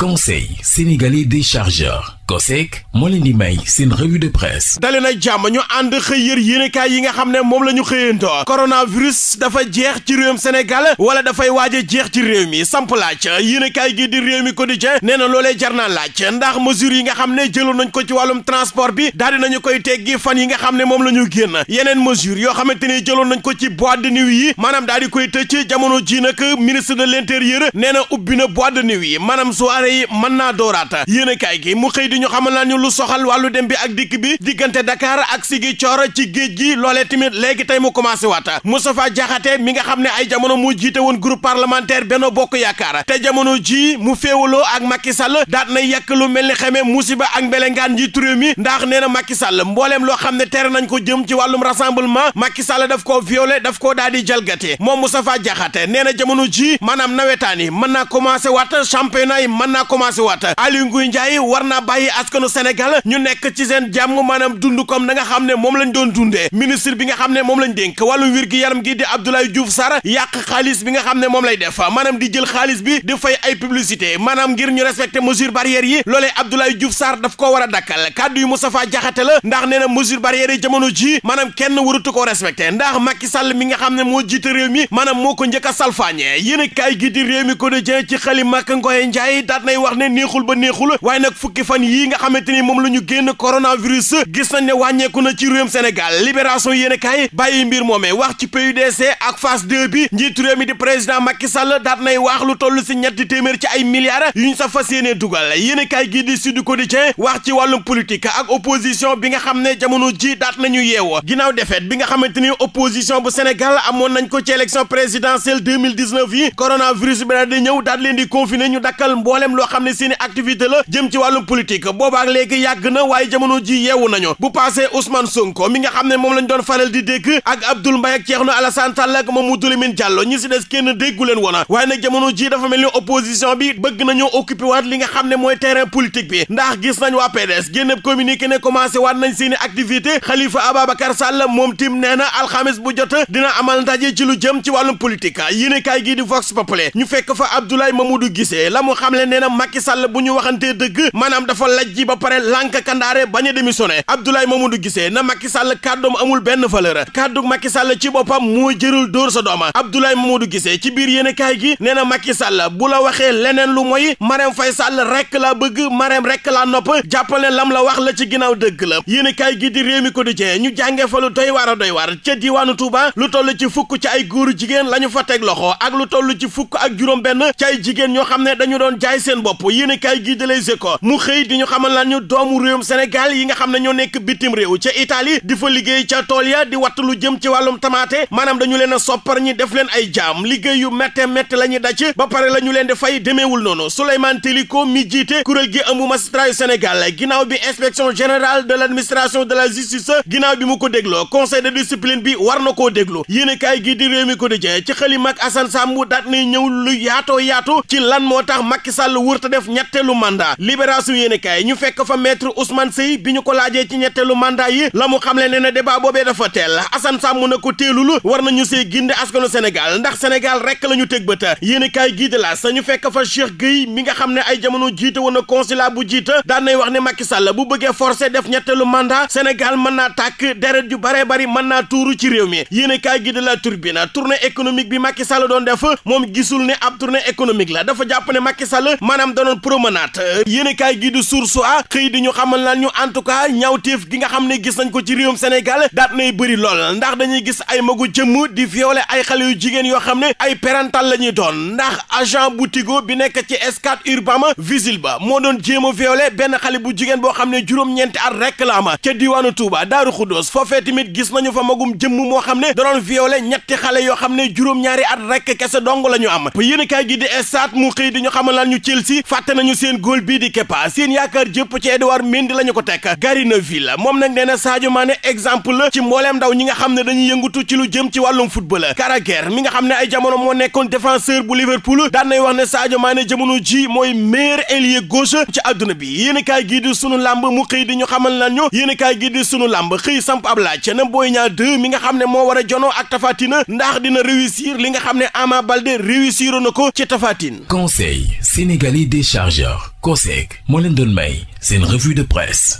conseil sénégalais des chargeurs COSEC moo leen di may seen revue de presse dali na jàmm ñu ànd xëy yër yéenekaay yi nga xam ne moom la ñu xëyantoo coronavirus dafa jeex ci réewum Sénégal wala dafay waaj a jeex ci réew mi samp laaj yéenekaay gi di réew mi quotidien nee na loolee jar naa laaj ndax mesures yi nga xam ne jëloon nañ ko ci wàllum transport bi daal di nañu koy teggi fan yi nga xam ne moom la ñu génn yeneen mesures yoo xamante ni jëloon nañ ko ci boîte de nuit yi maanaam daal di koy tëj jamono ji nag ministre yi mën naa dooraata yéenekaay gi mu xëy di ñu xamal naa ñu lu soxal wàllu dem bi ak dikk bi diggante dakaar ak Ziguinchor ci géej gi loolee tamit léegi tey mu commencé waata Moustapha Diakhaté mi nga xam ne ay jamono mu jiite woon groupe parlementaire Benno Bokk Yaakaar te jamono ji mu féewaloo ak Macky Sall daat na yàq lu mel ni xamee musiba ak mbelengaan njiitu réew mi ndax nee na Macky Sall mbooleem loo xam ne tere nañ ko jëm ci wàllum rassemblement Macky Sall daf koo violé daf koo daal di moo mu Moustapha Diakhaté nee na jamono ji maanaam nawetaan yi mën naa commencé waata championnat yi naa commencé waat Aliou Nguy Ndiaye war naa bàyyi askanu Sénégal ñu nekk ci seen jàmm maanaam dund comme na nga xam ne moom lañ doon dundee ministre bi nga xam ne moom lañ dénk wàllu wér gi yaram gi di Abdoulaye Diouf Sarr yàq xaalis bi nga xam ne moom lay def maanaam di jël xaalis bi di fay ay publicité maanaam ngir ñu respecté mesure barrière yi loolee Abdoulaye Diouf Sarr daf ko war a dakkal kàddu yu Moustapha Diakhaté la ndax nee na mesure barrière yi jamono ji maanaam kenn warutu ko respecté ndax Macky Sall mi nga xam ne moo jiite réew mi maanaam moo ko njëkk a salfaañe yéen a kaay gi di réew mi ko ci xali Maka Ngoye Ndiaye nay wax ne neexul ba neexul waaye nag fukki fan yii nga xamante ni moom la ñu génn coronavirus gis nañ ne wàññeeku na ci réewum Sénégal libération yéen a kaay bàyyi mbir moomee wax ci PUDC ak phase 2 bi njiitu réew mi di président Macky Sall daat nay wax lu toll si ñetti téeméer ci ay milliards yu ñu sa fas yéenee dugal yéen a kaay gii di Sud Quotidien wax ci wàllum politique ak opposition bi nga xam ne jamono ji daat nañu yeewoo ginnaaw défaite bi nga xamante ni opposition bu Sénégal amoon nañ ko ci élection présidentielle 2019 yi coronavirus bi daal di ñëw daat leen di confiner ñu dakkal mboolem loo xam ne seen i activité la jëm ci wàllum politique boobaak léegi yàgg na waaye jamono ji yeewu nañu bu passé Ousmane Sonko mi nga xam ne moom lañ doon faral di dégg ak Abdoul Mbaye ak Thierno Alassane Sall ak Mamadou Lamine Diallo ñi si des kenn déggu leen woon waaye nag jamono ji dafa mel ni opposition bi bëgg nañoo occupé waat li nga xam ne mooy terrain politique bi ndax gis nañ waa PDS génn communiqué ne commencé waat nañ seen i activité Khalifa Ababacar Sall moom tim nee na alxames bu jot dina amal ci lu jëm ci wàllum politique yéene kaay gii di Vox Populi ñu fekk fa Abdoulaye Mamadou Guissé la mu nee na Macky Sall bu ñu waxantee dëgg maanaam dafa lajji ba pare lànk kandaare bañ a démissionné Abdoulaye Mamadou Guissé na Macky Sall kàddoom amul benn valeur kàddu Macky Sall ci boppam moo jërul dóor sa dooma Abdoulaye Mamadou Guissé ci biir yéen kaay gi nee na Macky Sall bu la waxee leneen lu mooy Marème fay sàll rek laa bëgg Marème rek laa nopp jàppale lam la wax la ci ginnaaw dëgg la yéen kaay gi di réew mi quotidien ñu jàngee fa lu doy waar a doy waar ca diwaanu Touba lu toll ci fukk ci ay góoru jigéen la ñu fa teg loxo ak lu toll ci fukk ak juróom benn ci ay jigéen ñoo xam ne dañu doon jaay seen bopp yéen a kaay gii de Les Échos mu xëy di ñu xamal laan ñu doomu réewum Sénégal yi nga xam ne ñoo nekk bitim réew ca Italie di fa liggéey ca tool ya di watt lu jëm ci wàllum tamaate maanaam dañu leen a soppar ñi def leen ay jaam liggéey yu métte métte la ñuy daj ba pare la ñu leen di fay noonu Souleymane Teliko mi jiite kuréel gi ëmb magistrat yu Sénégal ginnaaw bi inspection générale de l' de la justice ginnaaw bi mu ko dégloo conseil de discipline bi war na koo déglu yéen a wurta def ñetteelu mandat libération yéen kaay ñu fekk fa maître Ousmane Seye bi ñu ko laajee ci ñetteelu mandat yi la mu xamle ne na débat boobee dafa teel Assane Samb na ko teelul war nañu see ginde askanu Sénégal ndax Sénégal rek la ñu teg bët yéen kaay gii de la sa ñu fekk fa Cheikh Gueye mi nga xam ne ay jamono jiite woon na consulat bu jiita daan nay wax ne Macky Sall bu bëggee forcé def ñetteelu mandat Sénégal mën naa tàkk deret yu bare bari mën naa tuuru ci réew mi yéen kaay gii de la turbine tournée économique bi Macky Sall doon def moom gisul ne ab tournée la dafa jàpp ne Macky Sall maanaam danoon promenade yéenekaay gi du Source A xëy di ñu xamal naan ñu en tout cas ñaawteef gi nga xam ne gis nañ ko ci réewum Sénégal daat nay bëri lool ndax dañuy gis ay magu jëmm di violer ay xale yu jigéen yoo xam ne ay parental la ñuy doon ndax agent bu Tigo bi nekk ci Scat Urbam Visil ba moo doon jéema a violer benn xale bu jigéen boo xam ne juróom-ñeenti at rek la am ca diwaanu Touba Daaru Xuddoos foofee tamit gis nañu fa magum jëmm moo xam ne danoon violer ñetti xale yoo xam ne juróom-ñaari at rek kese dong la ñu am yéenekaay gi di Stades mu xëy ñu xamal naan ñu ci Chelsea fàtte nañu seen góol bii di Kepa seen yaakaar jëpp ci Edouard Mendy la ñu ko tekk Gary Neville moom nag nee na Sadio Mané exemple ci mbooleem ndaw ñi nga xam ne dañuy yëngutu ci lu jëm ci wàllum football Carragher mi nga xam ne ay jamono moo nekkoon défenseur bu Liverpool daan nay wax ne Sadio Mané jamono ji mooy meilleur ailier gauche ci àdduna bi yéen kaay gii di sunu làmb mu xëy di ñu xamal nañu yéen kaay di sunu làmb xëy samp ab laaj na Boy Niang mi nga xam ne moo war a jono ak Tapha Tine ndax dina réussir li nga xam ne Ama Baldé réussir na ko ci Tapha Tine Conseil Sénégal sénégalais des chargeurs COSEC moo leen doon may seen revue de presse